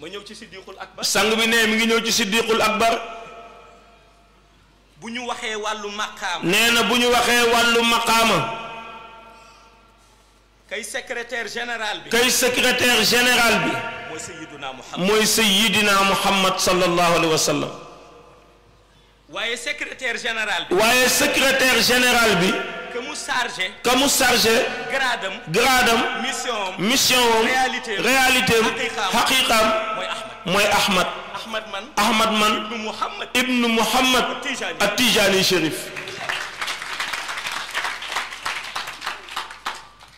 ma ñëw ci siddiqul akbar sang bi ne mi ngi ñëw ci siddiqul akbar bu ñu waxee wàllu maqaama nee na bu ñu waxee wàllu maqaama kay secrétaire général bi kay secrétaire général bi mooy Seyyidina Muhammad mooy Seyyidina Muhammad sallallahu alayhi wa waaye secrétaire général bi waaye général bi. am mission am. réalité am réalité am. mooy Ahmad. Ahmad man. Ahmad man. Ibnu Muhammad. Ibnu Muhammad. at Tijani Chérif.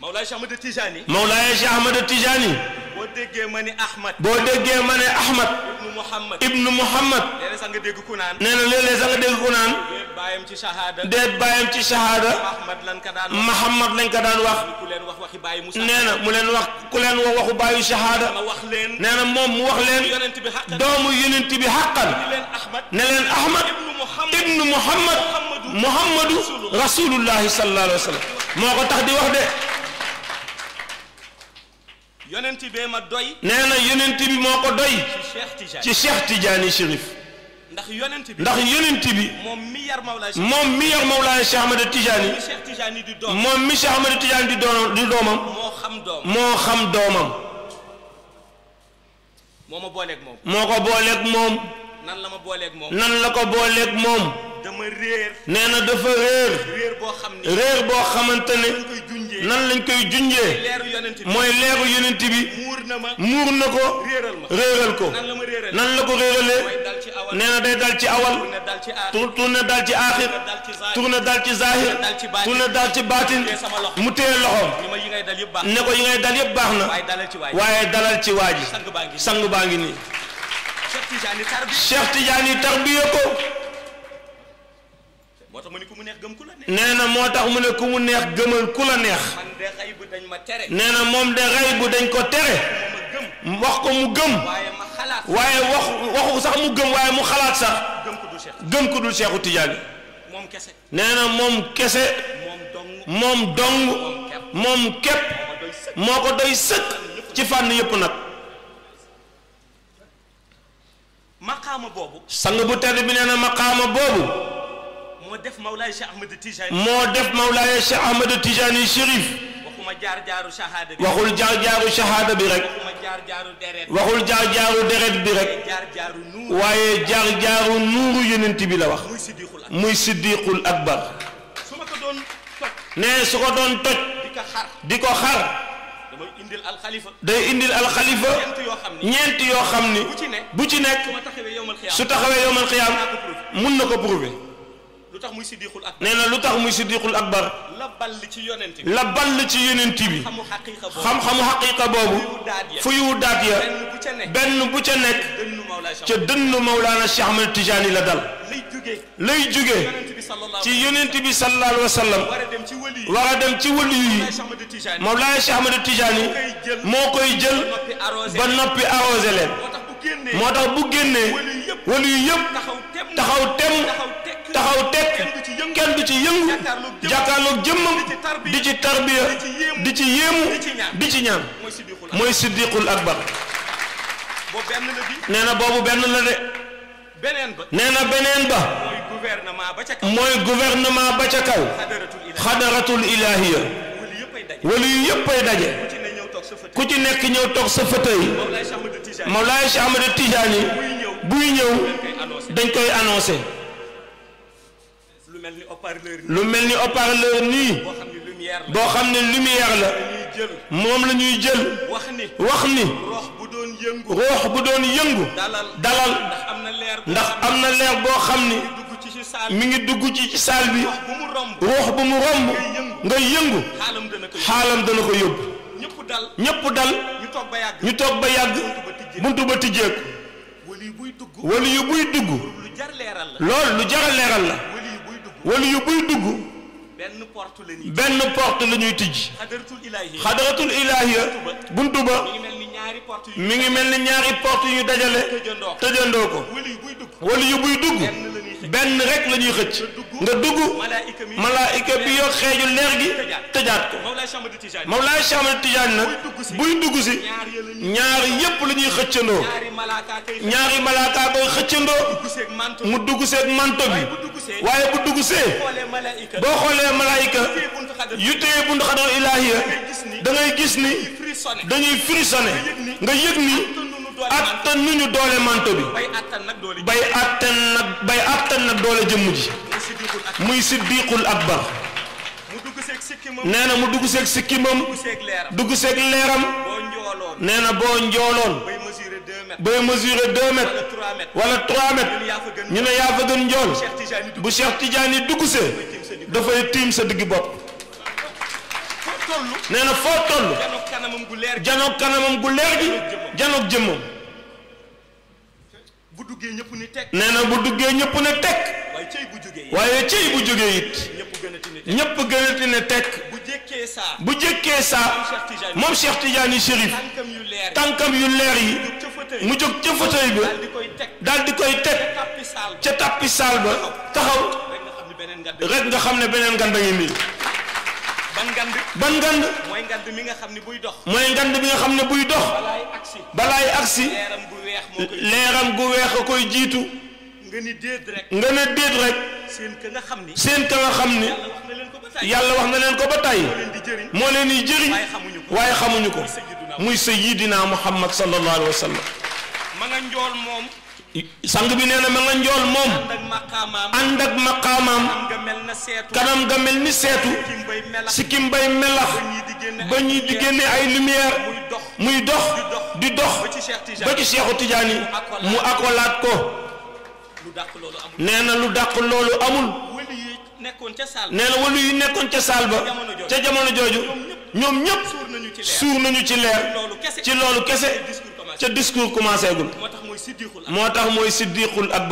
Mawlaay Cheikh Ahmad Tijani. Mawlaay Ahmad Tijani. boo déggee ma ne Ahmad. boo déggee Muhammad. nee na léeg-léeg dégg ku naan. déet bàyyam ci shahada déet bàyyam ci shahada Mahamad lañ ko daan wax nee na mu leen wax ku leen wax waxu bàyyu shahada nee na moom mu wax leen doomu yonent bi xàqan ne leen Ahmad ibnu Muhammad Muhammadu rasulullahi sallallahu alayhi wa sallam moo ko tax di wax de. yonent bi ma doy. nee na yonent bi moo ko doy. ci Cheikh Tidiane Chérif. ndax yonent bi ndax yonent bi moom mi yar Mawlaana Cheikh Ahmed Tidiane moom mi Cheikh Ahmed Tidiane di doon di doomam moo xam doomam moo ko booleeg moom nan la ko booleeg moom dama réer. nee na dafa réer. réer boo xam ne réer boo xamante ne. nan lañ koy junjee. mooy leeru yonent bi. muur na ma muur na ko. réeral ko nan la ko réeralee. nee na day dal ci awal. tur tur na dal ci aaxir. tur na dal ci zaahir. tur na dal ci baatin. mu téye loxoom. ne ko yi ngay dal yëpp baax na. waaye dalal ci waa ji. sang baa ngi nii. Cheikh Tidiane tarbiye ko. moo tax mu ne ku mu neex gëm ku la neex. nee na moo tax mu ne ku mu neex gëmal ku la neex. man nee na moom de xay bu dañ ko tere. wax ko mu gëm. waaye ma waxu sax mu gëm waaye mu xalaat sax. gëm ku dul Cheikh gëm ku moom kese. nee moom kese. moom dong moom képp moo ko doy sëkk ci fànn yëpp nag. maqaama boobu. sang bu tedd bi nee maqaama boobu. moo def Mawlaay Cheikh Ahmed Tijani. moo def Mawlaay Cheikh Ahmed Tijani Chérif. waxuma jaar jaaru shahada bi. waxul jaar jaaru shahada bi rek. waxuma jaar jaaru deret. waxul jaar jaaru deret bi rek. waaye jaar jaaru nuuru yonent bi la wax. muy siddiqul akbar. su ma ko doon toj. nee su ko doon toj. di ko xar di ko xar. damay indil alxalifa. day indil alxalifa. ñeenti yoo xam ni. bu ci nekk. su taxawee yowmal xiyaam mun na ko prouver. tax muy siddiqul akbar nee na lu tax muy siddiqul akbar la ball ci yonent bi la ball ci yonent bi xam-xamu xaqiqa boobu fu yu daat ya benn bu ca nekk ca dënn Mawlaana Cheikh Ahmed Tijaani la dal lay jóge ci yonent bi sallallahu alayhi wa la war a dem ci wëli yi Mawlaana Cheikh Ahmed Tijaani moo koy jël ba noppi arrosé leen moo tax bu génnee wëli yu yëpp taxaw tem taxaw tekk kenn du ci yëngu jàkkaarloog jëmmam di ci tarbiya di ci yéemu di ci ñaan mooy siddiqul akbar nee na boobu benn la de nee na beneen ba mooy gouvernement ba ca kaw xadaratul ilahiya wala yu yëppay daje ku ci nekk ñëw toog sa fauteuil Mawlaay ama Ahmad Tijaani buy ñëw dañ koy annoncé lu mel ni haut lu mel ni haut-parleur nii boo xam ne lumière la moom la ñuy jël wax ni roox bu doon yëngu dalal ndax am na leer boo xam ni mi ngi dugg ci ci saal bi roox bu mu romb nga yëngu xaalam dana ko yóbbu ñépp dal ñu toog ba yàgg buntu ba tijjeeku wali yu buy dugg lool lu jar a leeral la wala yu buy dugg benn porte la ñuy benn porte la ñuy tijj xadaratul ilaahiya buntu ba mi ngi mel ni ñaari porte yu dajale tëjandoo ko wala yu buy dugg benn rek la ñuy xëcc nga dugg malaayika bi yor xeeju leer gi tëjaat ko Mawlaay Cheikh Ahmad Tidiane nag buy dugg si ñaar yépp la ñuy xëccandoo ñaari malaaka koy xëccandoo mu dugg seeg manto bi waaye bu dugg see boo xoolee malaayika yu téye buntu xadar ilaahiya da ngay gis ni dañuy frissonné nga yëg ni attan nu ñu doole manto bi bay attan nag bay attan nag doole jëmm ji muy siddiqul akbar nee na mu dugg seeg sikkimam dugg seeg leeram nee na boo njooloon bay mesurer deux mètres wala trois mètres ñu ne yaa fa gën njool bu Cheikh Tidiane dugg see dafay tiim sa digg bopp nee na foo toll janoog kanamam gu leer gi janoog jëmmam bu duggee ñëpp ni teg nee na bu duggee ñëpp ne teg waaye cey bu jógee it ñëpp gënati ne tek bu jékkee saa moom Cheikh Tidiane Chérif tànkam yu leer yi mu jóg ca fauteuil ba daal di koy teg ca tàppi saal ba taxaw rek nga xam ne beneen ngan da ngi nii ban ngand ban ngand mooy ngand mi nga xam ne buy dox mooy ngand mi xam ne buy dox balaay agsi balaay agsi leeram gu weex moo koy leeram gu weex a koy jiitu nga ne déet rek séen ne déet rek seen ka nga xam ni seen ka nga xam ni yàlla wax na leen ko ba tàyyi moo leen di jëriñ waaye xamuñu ko muy sayyidina Muhammad sallallahu alayhi wa sallam ma nga njool moom sang bi nee na ma nga njool moom ànd ak maqaamaam kanam nga mel ni seetu sikkim bay melax ba ñuy di génne ay lumière muy dox di dox ba ci Seexu Tijaani mu akolaat ko nee na lu dàq loolu amul nee na walu yu nekkoon ca saal ba ca jamono jooju ñoom ñëpp suur nañu ci leer ci loolu kese ca discours commencé gul moo tax mooy siddiqul akbar